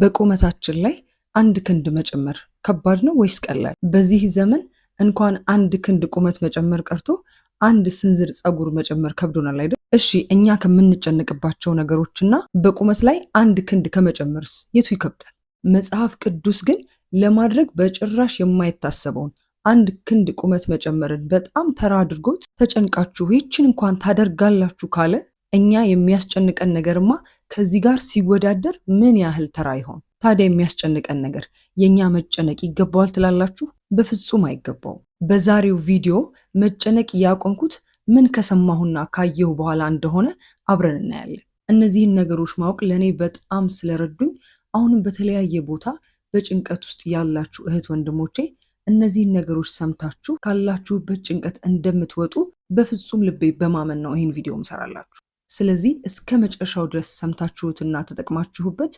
በቁመታችን ላይ አንድ ክንድ መጨመር ከባድ ነው ወይስ ቀላል? በዚህ ዘመን እንኳን አንድ ክንድ ቁመት መጨመር ቀርቶ አንድ ስንዝር ጸጉር መጨመር ከብዶናል አይደል? እሺ እኛ ከምንጨነቅባቸው ነገሮችና በቁመት ላይ አንድ ክንድ ከመጨመርስ የቱ ይከብዳል? መጽሐፍ ቅዱስ ግን ለማድረግ በጭራሽ የማይታሰበውን አንድ ክንድ ቁመት መጨመርን በጣም ተራ አድርጎት ተጨንቃችሁ ይችን እንኳን ታደርጋላችሁ ካለ እኛ የሚያስጨንቀን ነገርማ ከዚህ ጋር ሲወዳደር ምን ያህል ተራ ይሆን? ታዲያ የሚያስጨንቀን ነገር የእኛ መጨነቅ ይገባዋል ትላላችሁ? በፍጹም አይገባውም። በዛሬው ቪዲዮ መጨነቅ ያቆምኩት ምን ከሰማሁና ካየሁ በኋላ እንደሆነ አብረን እናያለን። እነዚህን ነገሮች ማወቅ ለእኔ በጣም ስለረዱኝ አሁንም በተለያየ ቦታ በጭንቀት ውስጥ ያላችሁ እህት ወንድሞቼ እነዚህን ነገሮች ሰምታችሁ ካላችሁበት ጭንቀት እንደምትወጡ በፍጹም ልቤ በማመን ነው ይህን ቪዲዮ ምሰራላችሁ። ስለዚህ እስከ መጨረሻው ድረስ ሰምታችሁትና ተጠቅማችሁበት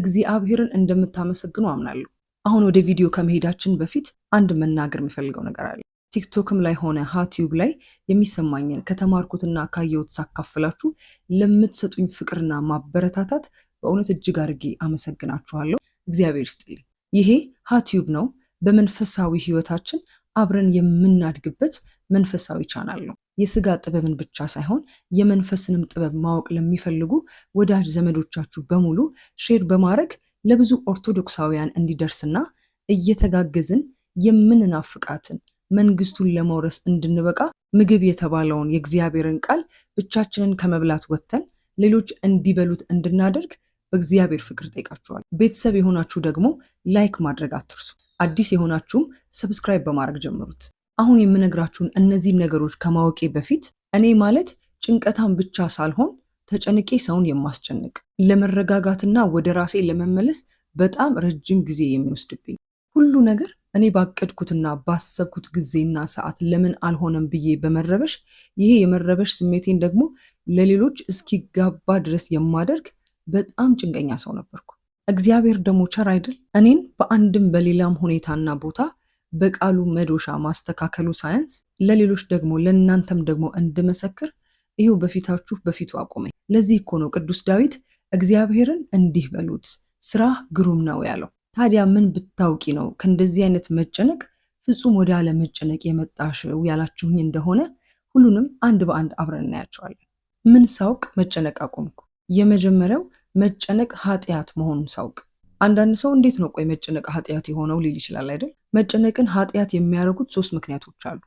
እግዚአብሔርን እንደምታመሰግኑ አምናለሁ። አሁን ወደ ቪዲዮ ከመሄዳችን በፊት አንድ መናገር የምፈልገው ነገር አለ። ቲክቶክም ላይ ሆነ ሀቲዩብ ላይ የሚሰማኝን ከተማርኩትና ካየሁት ሳካፍላችሁ ለምትሰጡኝ ፍቅርና ማበረታታት በእውነት እጅግ አድርጌ አመሰግናችኋለሁ። እግዚአብሔር ይስጥልኝ። ይሄ ሀቲዩብ ነው። በመንፈሳዊ ህይወታችን አብረን የምናድግበት መንፈሳዊ ቻናል ነው። የስጋ ጥበብን ብቻ ሳይሆን የመንፈስንም ጥበብ ማወቅ ለሚፈልጉ ወዳጅ ዘመዶቻችሁ በሙሉ ሼር በማድረግ ለብዙ ኦርቶዶክሳውያን እንዲደርስና እየተጋገዝን የምንናፍቃትን መንግስቱን ለመውረስ እንድንበቃ ምግብ የተባለውን የእግዚአብሔርን ቃል ብቻችንን ከመብላት ወጥተን ሌሎች እንዲበሉት እንድናደርግ በእግዚአብሔር ፍቅር ጠይቃችኋል። ቤተሰብ የሆናችሁ ደግሞ ላይክ ማድረግ አትርሱ። አዲስ የሆናችሁም ሰብስክራይብ በማድረግ ጀምሩት። አሁን የምነግራችሁን እነዚህን ነገሮች ከማወቄ በፊት እኔ ማለት ጭንቀታን ብቻ ሳልሆን ተጨንቄ ሰውን የማስጨንቅ ለመረጋጋትና ወደ ራሴ ለመመለስ በጣም ረጅም ጊዜ የሚወስድብኝ ሁሉ ነገር እኔ ባቀድኩትና ባሰብኩት ጊዜና ሰዓት ለምን አልሆነም ብዬ በመረበሽ ይሄ የመረበሽ ስሜቴን ደግሞ ለሌሎች እስኪጋባ ድረስ የማደርግ በጣም ጭንቀኛ ሰው ነበርኩ። እግዚአብሔር ደግሞ ቸር አይደል? እኔን በአንድም በሌላም ሁኔታና ቦታ በቃሉ መዶሻ ማስተካከሉ ሳያንስ ለሌሎች ደግሞ ለእናንተም ደግሞ እንድመሰክር ይኸው በፊታችሁ በፊቱ አቆመኝ። ለዚህ እኮ ነው ቅዱስ ዳዊት እግዚአብሔርን እንዲህ በሉት ስራ ግሩም ነው ያለው። ታዲያ ምን ብታውቂ ነው ከእንደዚህ አይነት መጨነቅ ፍጹም ወደ አለ መጨነቅ የመጣሽው ያላችሁኝ እንደሆነ ሁሉንም አንድ በአንድ አብረን እናያቸዋለን። ምን ሳውቅ መጨነቅ አቆምኩ? የመጀመሪያው መጨነቅ ኃጢአት መሆኑን ሳውቅ አንዳንድ ሰው እንዴት ነው ቆይ መጨነቅ ኃጢአት የሆነው ሊል ይችላል አይደል? መጨነቅን ኃጢአት የሚያደርጉት ሶስት ምክንያቶች አሉ።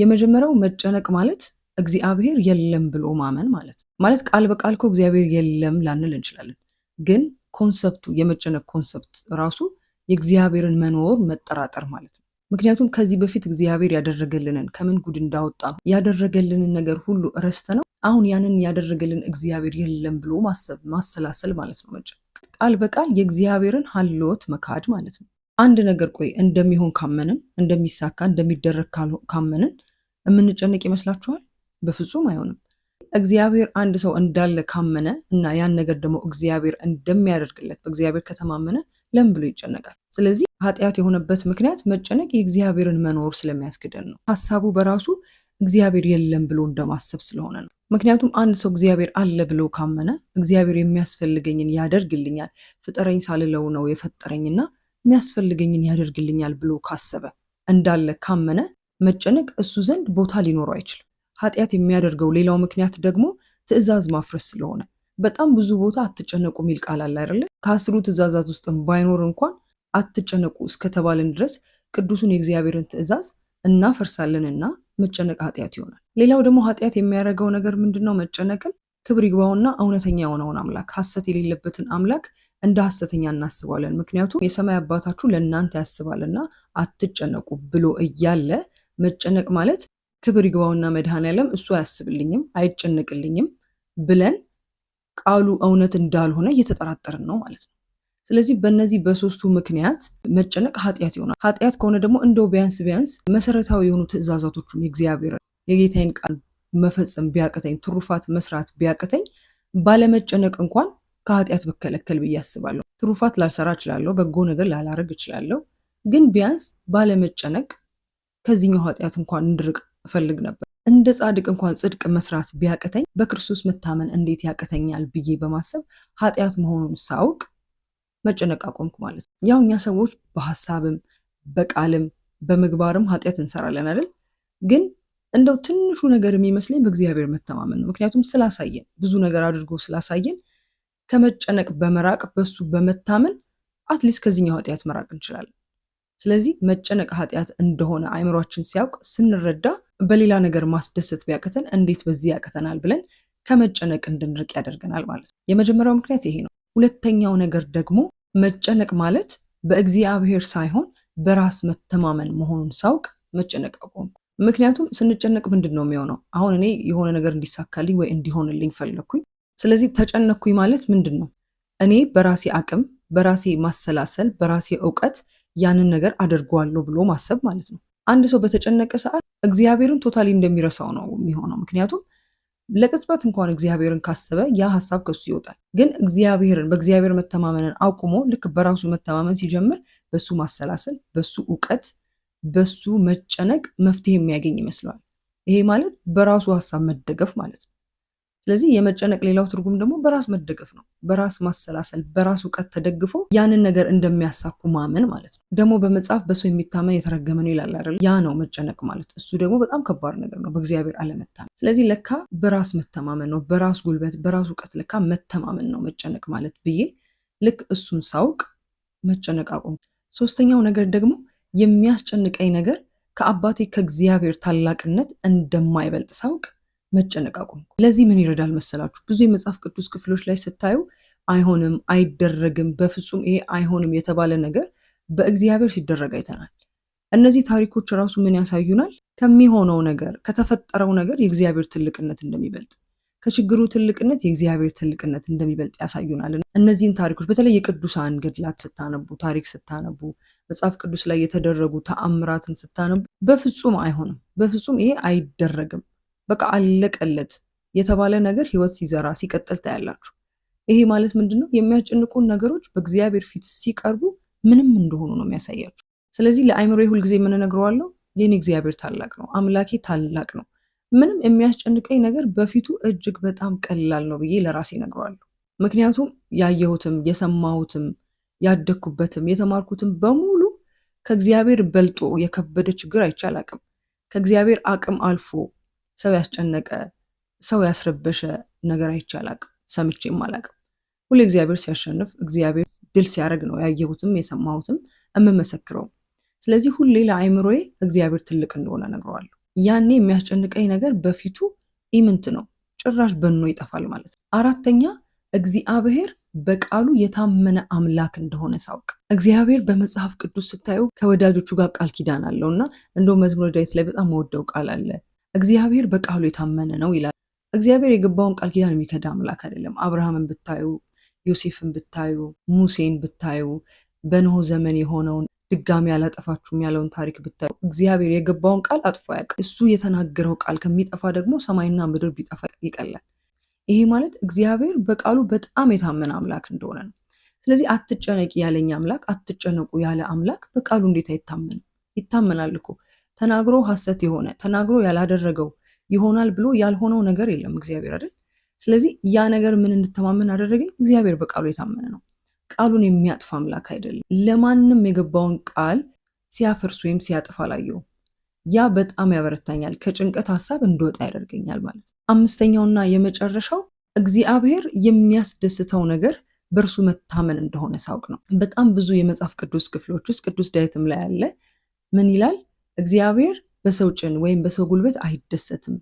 የመጀመሪያው መጨነቅ ማለት እግዚአብሔር የለም ብሎ ማመን ማለት ነው። ማለት ቃል በቃል እኮ እግዚአብሔር የለም ላንል እንችላለን፣ ግን ኮንሰፕቱ የመጨነቅ ኮንሰፕት ራሱ የእግዚአብሔርን መኖር መጠራጠር ማለት ነው። ምክንያቱም ከዚህ በፊት እግዚአብሔር ያደረገልንን ከምን ጉድ እንዳወጣ ያደረገልንን ነገር ሁሉ ረስተ ነው አሁን ያንን ያደረገልን እግዚአብሔር የለም ብሎ ማሰብ ማሰላሰል ማለት ነው። መጭ ቃል በቃል የእግዚአብሔርን ሀልወት መካድ ማለት ነው። አንድ ነገር ቆይ እንደሚሆን ካመንን እንደሚሳካ እንደሚደረግ ካመንን የምንጨነቅ ይመስላችኋል? በፍጹም አይሆንም። እግዚአብሔር አንድ ሰው እንዳለ ካመነ እና ያን ነገር ደግሞ እግዚአብሔር እንደሚያደርግለት በእግዚአብሔር ከተማመነ ለምን ብሎ ይጨነቃል? ስለዚህ ኃጢአት የሆነበት ምክንያት መጨነቅ የእግዚአብሔርን መኖር ስለሚያስክደን ነው። ሀሳቡ በራሱ እግዚአብሔር የለም ብሎ እንደማሰብ ስለሆነ ነው። ምክንያቱም አንድ ሰው እግዚአብሔር አለ ብሎ ካመነ እግዚአብሔር የሚያስፈልገኝን ያደርግልኛል፣ ፍጠረኝ ሳልለው ነው የፈጠረኝና የሚያስፈልገኝን ያደርግልኛል ብሎ ካሰበ እንዳለ ካመነ መጨነቅ እሱ ዘንድ ቦታ ሊኖረው አይችልም። ኃጢአት የሚያደርገው ሌላው ምክንያት ደግሞ ትዕዛዝ ማፍረስ ስለሆነ በጣም ብዙ ቦታ አትጨነቁ የሚል ቃል አለ አይደለ? ከአስሩ ትእዛዛት ውስጥም ባይኖር እንኳን አትጨነቁ እስከተባለን ድረስ ቅዱሱን የእግዚአብሔርን ትእዛዝ እናፈርሳለንና መጨነቅ ኃጢአት ይሆናል። ሌላው ደግሞ ኃጢአት የሚያደርገው ነገር ምንድን ነው? መጨነቅን ክብር ይግባውና እውነተኛ የሆነውን አምላክ ሐሰት የሌለበትን አምላክ እንደ ሐሰተኛ እናስባለን። ምክንያቱም የሰማይ አባታችሁ ለእናንተ ያስባልና አትጨነቁ ብሎ እያለ መጨነቅ ማለት ክብር ይግባውና መድኃኔዓለም እሱ አያስብልኝም አይጨነቅልኝም ብለን ቃሉ እውነት እንዳልሆነ እየተጠራጠርን ነው ማለት ነው። ስለዚህ በእነዚህ በሶስቱ ምክንያት መጨነቅ ኃጢአት ይሆናል። ኃጢአት ከሆነ ደግሞ እንደው ቢያንስ ቢያንስ መሰረታዊ የሆኑ ትእዛዛቶቹን የእግዚአብሔር የጌታዬን ቃል መፈጸም ቢያቅተኝ፣ ትሩፋት መስራት ቢያቅተኝ ባለመጨነቅ እንኳን ከኃጢአት ብከለከል ብዬ አስባለሁ። ትሩፋት ላልሰራ እችላለሁ፣ በጎ ነገር ላላረግ እችላለሁ። ግን ቢያንስ ባለመጨነቅ ከዚህኛው ኃጢአት እንኳን እንድርቅ እፈልግ ነበር። እንደ ጻድቅ እንኳን ጽድቅ መስራት ቢያቅተኝ በክርስቶስ መታመን እንዴት ያቅተኛል ብዬ በማሰብ ኃጢአት መሆኑን ሳውቅ መጨነቅ አቆምኩ ማለት ነው። ያው እኛ ሰዎች በሀሳብም በቃልም በምግባርም ኃጢአት እንሰራለን አይደል? ግን እንደው ትንሹ ነገር የሚመስለኝ በእግዚአብሔር መተማመን ነው። ምክንያቱም ስላሳየን ብዙ ነገር አድርጎ ስላሳየን ከመጨነቅ በመራቅ በሱ በመታመን አትሊስት ከዚህኛው ኃጢአት መራቅ እንችላለን። ስለዚህ መጨነቅ ኃጢአት እንደሆነ አይምሯችን ሲያውቅ ስንረዳ በሌላ ነገር ማስደሰት ቢያቅተን እንዴት በዚህ ያቅተናል ብለን ከመጨነቅ እንድንርቅ ያደርገናል ማለት ነው። የመጀመሪያው ምክንያት ይሄ ነው። ሁለተኛው ነገር ደግሞ መጨነቅ ማለት በእግዚአብሔር ሳይሆን በራስ መተማመን መሆኑን ሳውቅ መጨነቅ አቆም። ምክንያቱም ስንጨነቅ ምንድን ነው የሚሆነው? አሁን እኔ የሆነ ነገር እንዲሳካልኝ ወይ እንዲሆንልኝ ፈለግኩኝ። ስለዚህ ተጨነኩኝ ማለት ምንድን ነው? እኔ በራሴ አቅም፣ በራሴ ማሰላሰል፣ በራሴ እውቀት ያንን ነገር አድርጓለሁ ብሎ ማሰብ ማለት ነው። አንድ ሰው በተጨነቀ ሰዓት እግዚአብሔርን ቶታሊ እንደሚረሳው ነው የሚሆነው። ምክንያቱም ለቅጽበት እንኳን እግዚአብሔርን ካሰበ ያ ሀሳብ ከሱ ይወጣል። ግን እግዚአብሔርን በእግዚአብሔር መተማመንን አቁሞ ልክ በራሱ መተማመን ሲጀምር በሱ ማሰላሰል፣ በሱ እውቀት፣ በሱ መጨነቅ መፍትሄ የሚያገኝ ይመስለዋል። ይሄ ማለት በራሱ ሀሳብ መደገፍ ማለት ነው። ስለዚህ የመጨነቅ ሌላው ትርጉም ደግሞ በራስ መደገፍ ነው። በራስ ማሰላሰል፣ በራስ እውቀት ተደግፎ ያንን ነገር እንደሚያሳኩ ማመን ማለት ነው። ደግሞ በመጽሐፍ በሰው የሚታመን የተረገመ ነው ይላል አይደል? ያ ነው መጨነቅ ማለት። እሱ ደግሞ በጣም ከባድ ነገር ነው፣ በእግዚአብሔር አለመታመን። ስለዚህ ለካ በራስ መተማመን ነው፣ በራስ ጉልበት፣ በራስ እውቀት ለካ መተማመን ነው መጨነቅ ማለት ብዬ ልክ እሱን ሳውቅ መጨነቅ አቁም። ሶስተኛው ነገር ደግሞ የሚያስጨንቀኝ ነገር ከአባቴ ከእግዚአብሔር ታላቅነት እንደማይበልጥ ሳውቅ መጨነቅ አቆምኩ። ለዚህ ምን ይረዳል መሰላችሁ? ብዙ የመጽሐፍ ቅዱስ ክፍሎች ላይ ስታዩ አይሆንም፣ አይደረግም፣ በፍጹም ይሄ አይሆንም የተባለ ነገር በእግዚአብሔር ሲደረግ አይተናል። እነዚህ ታሪኮች ራሱ ምን ያሳዩናል? ከሚሆነው ነገር ከተፈጠረው ነገር የእግዚአብሔር ትልቅነት እንደሚበልጥ ከችግሩ ትልቅነት የእግዚአብሔር ትልቅነት እንደሚበልጥ ያሳዩናል። እነዚህን ታሪኮች በተለይ የቅዱሳን ገድላት ስታነቡ፣ ታሪክ ስታነቡ፣ መጽሐፍ ቅዱስ ላይ የተደረጉ ተአምራትን ስታነቡ በፍጹም አይሆንም፣ በፍጹም ይሄ አይደረግም በቃ አለቀለት የተባለ ነገር ህይወት ሲዘራ ሲቀጥል ታያላችሁ። ይሄ ማለት ምንድን ነው? የሚያስጨንቁን ነገሮች በእግዚአብሔር ፊት ሲቀርቡ ምንም እንደሆኑ ነው የሚያሳያችሁ። ስለዚህ ለአይምሮ ሁልጊዜ የምንነግረዋለው የኔ እግዚአብሔር ታላቅ ነው፣ አምላኬ ታላቅ ነው፣ ምንም የሚያስጨንቀኝ ነገር በፊቱ እጅግ በጣም ቀላል ነው ብዬ ለራሴ እነግረዋለሁ። ምክንያቱም ያየሁትም የሰማሁትም ያደግኩበትም የተማርኩትም በሙሉ ከእግዚአብሔር በልጦ የከበደ ችግር አይቻል አቅም ከእግዚአብሔር አቅም አልፎ ሰው ያስጨነቀ ሰው ያስረበሸ ነገር አይቼ አላቅም፣ ሰምቼም አላቅም። ሁሌ እግዚአብሔር ሲያሸንፍ፣ እግዚአብሔር ድል ሲያደርግ ነው ያየሁትም የሰማሁትም የምመሰክረው። ስለዚህ ሁሌ ለአእምሮዬ እግዚአብሔር ትልቅ እንደሆነ እነግረዋለሁ። ያኔ የሚያስጨንቀኝ ነገር በፊቱ ኢምንት ነው፣ ጭራሽ በኖ ይጠፋል ማለት ነው። አራተኛ እግዚአብሔር በቃሉ የታመነ አምላክ እንደሆነ ሳውቅ። እግዚአብሔር በመጽሐፍ ቅዱስ ስታዩ ከወዳጆቹ ጋር ቃል ኪዳን አለው እና እንደው መዝሙረ ዳዊት ላይ በጣም መወደው ቃል አለ እግዚአብሔር በቃሉ የታመነ ነው ይላል። እግዚአብሔር የገባውን ቃል ኪዳን የሚከዳ አምላክ አይደለም። አብርሃምን ብታዩ፣ ዮሴፍን ብታዩ፣ ሙሴን ብታዩ፣ በኖህ ዘመን የሆነውን ድጋሚ አላጠፋችሁም ያለውን ታሪክ ብታዩ እግዚአብሔር የገባውን ቃል አጥፎ ያውቃል። እሱ የተናገረው ቃል ከሚጠፋ ደግሞ ሰማይና ምድር ቢጠፋ ይቀላል። ይሄ ማለት እግዚአብሔር በቃሉ በጣም የታመነ አምላክ እንደሆነ ነው። ስለዚህ አትጨነቂ ያለኝ አምላክ፣ አትጨነቁ ያለ አምላክ በቃሉ እንዴት አይታመንም? ይታመናል እኮ ተናግሮ ሐሰት የሆነ ተናግሮ ያላደረገው ይሆናል ብሎ ያልሆነው ነገር የለም እግዚአብሔር አይደል? ስለዚህ ያ ነገር ምን እንድተማመን አደረገኝ? እግዚአብሔር በቃሉ የታመነ ነው። ቃሉን የሚያጥፍ አምላክ አይደለም። ለማንም የገባውን ቃል ሲያፈርስ ወይም ሲያጥፍ አላየው። ያ በጣም ያበረታኛል፣ ከጭንቀት ሀሳብ እንድወጣ ያደርገኛል ማለት ነው። አምስተኛውና የመጨረሻው እግዚአብሔር የሚያስደስተው ነገር በእርሱ መታመን እንደሆነ ሳውቅ ነው። በጣም ብዙ የመጽሐፍ ቅዱስ ክፍሎች ውስጥ ቅዱስ ዳዊትም ላይ ያለ ምን ይላል? እግዚአብሔር በሰው ጭን ወይም በሰው ጉልበት አይደሰትም፣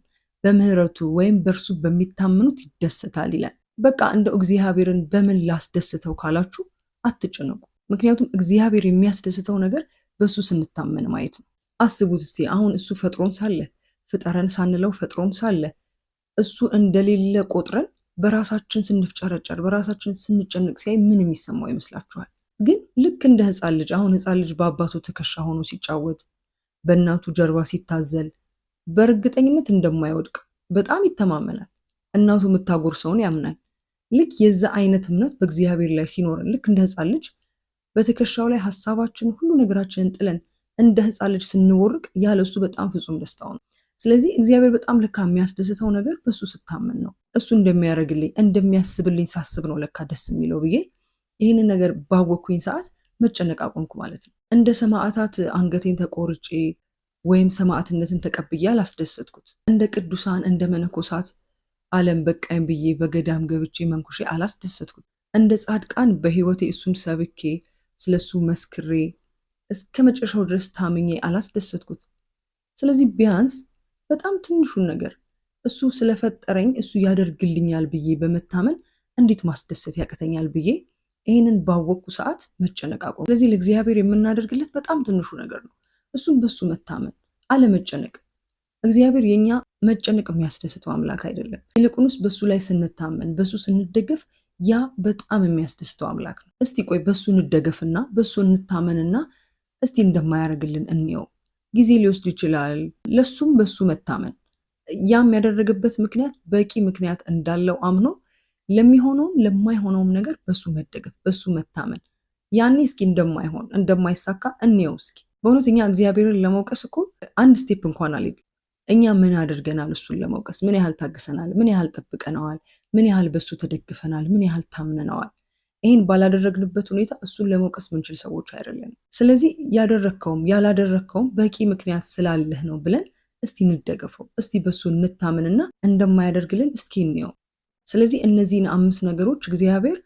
በምህረቱ ወይም በእርሱ በሚታምኑት ይደሰታል ይላል። በቃ እንደው እግዚአብሔርን በምን ላስደስተው ካላችሁ አትጨነቁ። ምክንያቱም እግዚአብሔር የሚያስደስተው ነገር በእሱ ስንታመን ማየት ነው። አስቡት እስቲ አሁን እሱ ፈጥሮን ሳለ ፍጠረን ሳንለው ፈጥሮን ሳለ እሱ እንደሌለ ቆጥረን በራሳችን ስንፍጨረጨር በራሳችን ስንጨነቅ ሲያይ ምን የሚሰማው ይመስላችኋል? ግን ልክ እንደ ህፃን ልጅ አሁን ህፃን ልጅ በአባቱ ትከሻ ሆኖ ሲጫወት በእናቱ ጀርባ ሲታዘል በእርግጠኝነት እንደማይወድቅ በጣም ይተማመናል። እናቱ የምታጎርሰውን ያምናል። ልክ የዛ አይነት እምነት በእግዚአብሔር ላይ ሲኖረን ልክ እንደ ሕፃን ልጅ በትከሻው ላይ ሀሳባችን ሁሉ ነገራችንን ጥለን እንደ ህፃን ልጅ ስንቦርቅ ያለ እሱ በጣም ፍጹም ደስታው ነው። ስለዚህ እግዚአብሔር በጣም ለካ የሚያስደስተው ነገር በእሱ ስታመን ነው። እሱ እንደሚያደርግልኝ እንደሚያስብልኝ ሳስብ ነው ለካ ደስ የሚለው ብዬ ይህንን ነገር ባወኩኝ ሰዓት መጨነቅ አቆምኩ ማለት ነው። እንደ ሰማዕታት አንገቴን ተቆርጬ ወይም ሰማዕትነትን ተቀብዬ አላስደሰትኩት። እንደ ቅዱሳን እንደ መነኮሳት ዓለም በቃኝ ብዬ በገዳም ገብቼ መንኩሼ አላስደሰትኩት። እንደ ጻድቃን በሕይወቴ እሱን ሰብኬ ስለሱ መስክሬ እስከ መጨረሻው ድረስ ታምኜ አላስደሰትኩት። ስለዚህ ቢያንስ በጣም ትንሹን ነገር እሱ ስለፈጠረኝ እሱ ያደርግልኛል ብዬ በመታመን እንዴት ማስደሰት ያቅተኛል ብዬ ይህንን ባወቅኩ ሰዓት መጨነቅ አቆም። ስለዚህ ለእግዚአብሔር የምናደርግለት በጣም ትንሹ ነገር ነው። እሱም በሱ መታመን፣ አለመጨነቅ። እግዚአብሔር የእኛ መጨነቅ የሚያስደስተው አምላክ አይደለም። ይልቁንስ በሱ ላይ ስንታመን፣ በሱ ስንደገፍ ያ በጣም የሚያስደስተው አምላክ ነው። እስቲ ቆይ በሱ እንደገፍና በሱ እንታመንና እስቲ እንደማያደርግልን እንየው። ጊዜ ሊወስድ ይችላል። ለሱም በሱ መታመን ያ የሚያደረገበት ምክንያት በቂ ምክንያት እንዳለው አምኖ ለሚሆነውም ለማይሆነውም ነገር በሱ መደገፍ በሱ መታመን ያኔ እስኪ እንደማይሆን እንደማይሳካ እንየው እስኪ። በእውነት እኛ እግዚአብሔርን ለመውቀስ እኮ አንድ ስቴፕ እንኳን አልሄድም። እኛ ምን አድርገናል እሱን ለመውቀስ? ምን ያህል ታግሰናል? ምን ያህል ጠብቀነዋል? ምን ያህል በሱ ተደግፈናል? ምን ያህል ታምነነዋል? ይህን ባላደረግንበት ሁኔታ እሱን ለመውቀስ ምንችል ሰዎች አይደለም ስለዚህ ያደረግከውም ያላደረግከውም በቂ ምክንያት ስላለህ ነው ብለን እስቲ እንደገፈው፣ እስቲ በሱ እንታምንና እንደማያደርግልን እስኪ እንየው። ስለዚህ እነዚህን አምስት ነገሮች እግዚአብሔር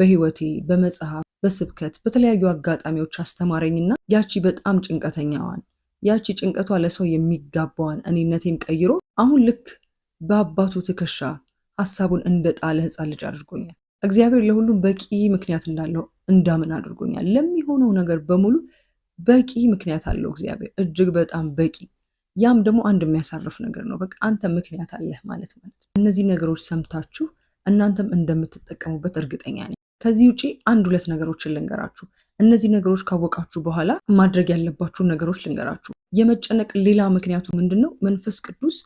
በህይወቴ በመጽሐፍ በስብከት በተለያዩ አጋጣሚዎች አስተማረኝና ያቺ በጣም ጭንቀተኛዋን ያቺ ጭንቀቷ ለሰው የሚጋባዋን እኔነቴን ቀይሮ አሁን ልክ በአባቱ ትከሻ ሀሳቡን እንደ ጣለ ህፃን ልጅ አድርጎኛል። እግዚአብሔር ለሁሉም በቂ ምክንያት እንዳለው እንዳምን አድርጎኛል። ለሚሆነው ነገር በሙሉ በቂ ምክንያት አለው እግዚአብሔር እጅግ በጣም በቂ ያም ደግሞ አንድ የሚያሳርፍ ነገር ነው። በቃ አንተ ምክንያት አለህ ማለት ማለት እነዚህ ነገሮች ሰምታችሁ እናንተም እንደምትጠቀሙበት እርግጠኛ ነኝ። ከዚህ ውጪ አንድ ሁለት ነገሮችን ልንገራችሁ። እነዚህ ነገሮች ካወቃችሁ በኋላ ማድረግ ያለባችሁን ነገሮች ልንገራችሁ። የመጨነቅ ሌላ ምክንያቱ ምንድን ነው? መንፈስ ቅዱስ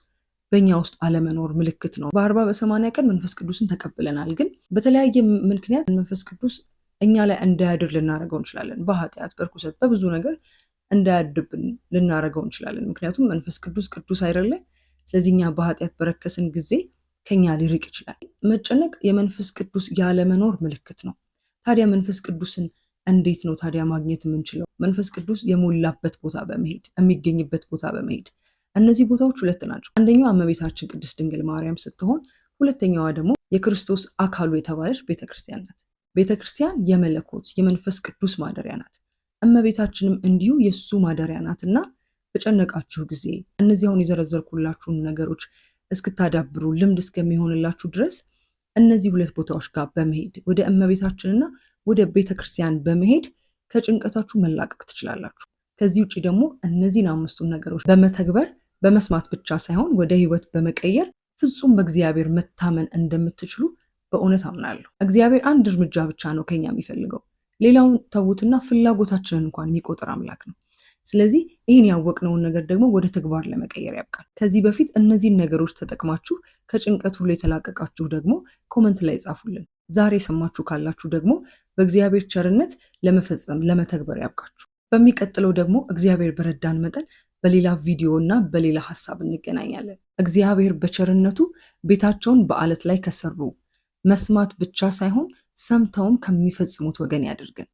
በእኛ ውስጥ አለመኖር ምልክት ነው። በአርባ በሰማንያ ቀን መንፈስ ቅዱስን ተቀብለናል። ግን በተለያየ ምክንያት መንፈስ ቅዱስ እኛ ላይ እንዳያድር ልናደርገው እንችላለን። በኃጢአት፣ በርኩሰት፣ በብዙ ነገር እንዳያድብን ልናደርገው እንችላለን። ምክንያቱም መንፈስ ቅዱስ ቅዱስ አይደለ? ስለዚህ እኛ በኃጢአት በረከስን ጊዜ ከኛ ሊርቅ ይችላል። መጨነቅ የመንፈስ ቅዱስ ያለመኖር ምልክት ነው። ታዲያ መንፈስ ቅዱስን እንዴት ነው ታዲያ ማግኘት የምንችለው? መንፈስ ቅዱስ የሞላበት ቦታ በመሄድ የሚገኝበት ቦታ በመሄድ እነዚህ ቦታዎች ሁለት ናቸው። አንደኛው እመቤታችን ቅድስት ድንግል ማርያም ስትሆን ሁለተኛዋ ደግሞ የክርስቶስ አካሉ የተባለች ቤተክርስቲያን ናት። ቤተክርስቲያን የመለኮት የመንፈስ ቅዱስ ማደሪያ ናት። እመቤታችንም እንዲሁ የእሱ ማደሪያ ናትና በጨነቃችሁ ጊዜ እነዚህ አሁን የዘረዘርኩላችሁን ነገሮች እስክታዳብሩ ልምድ እስከሚሆንላችሁ ድረስ እነዚህ ሁለት ቦታዎች ጋር በመሄድ ወደ እመቤታችንና ወደ ቤተ ክርስቲያን በመሄድ ከጭንቀታችሁ መላቀቅ ትችላላችሁ። ከዚህ ውጭ ደግሞ እነዚህን አምስቱን ነገሮች በመተግበር በመስማት ብቻ ሳይሆን ወደ ህይወት በመቀየር ፍጹም በእግዚአብሔር መታመን እንደምትችሉ በእውነት አምናለሁ። እግዚአብሔር አንድ እርምጃ ብቻ ነው ከኛ የሚፈልገው ሌላውን ተዉትና ፍላጎታችንን እንኳን የሚቆጥር አምላክ ነው። ስለዚህ ይህን ያወቅነውን ነገር ደግሞ ወደ ተግባር ለመቀየር ያብቃል። ከዚህ በፊት እነዚህን ነገሮች ተጠቅማችሁ ከጭንቀት ሁሉ የተላቀቃችሁ ደግሞ ኮመንት ላይ ጻፉልን። ዛሬ የሰማችሁ ካላችሁ ደግሞ በእግዚአብሔር ቸርነት ለመፈጸም ለመተግበር ያብቃችሁ። በሚቀጥለው ደግሞ እግዚአብሔር በረዳን መጠን በሌላ ቪዲዮ እና በሌላ ሀሳብ እንገናኛለን። እግዚአብሔር በቸርነቱ ቤታቸውን በአለት ላይ ከሰሩ መስማት ብቻ ሳይሆን ሰምተውም ከሚፈጽሙት ወገን ያድርገን።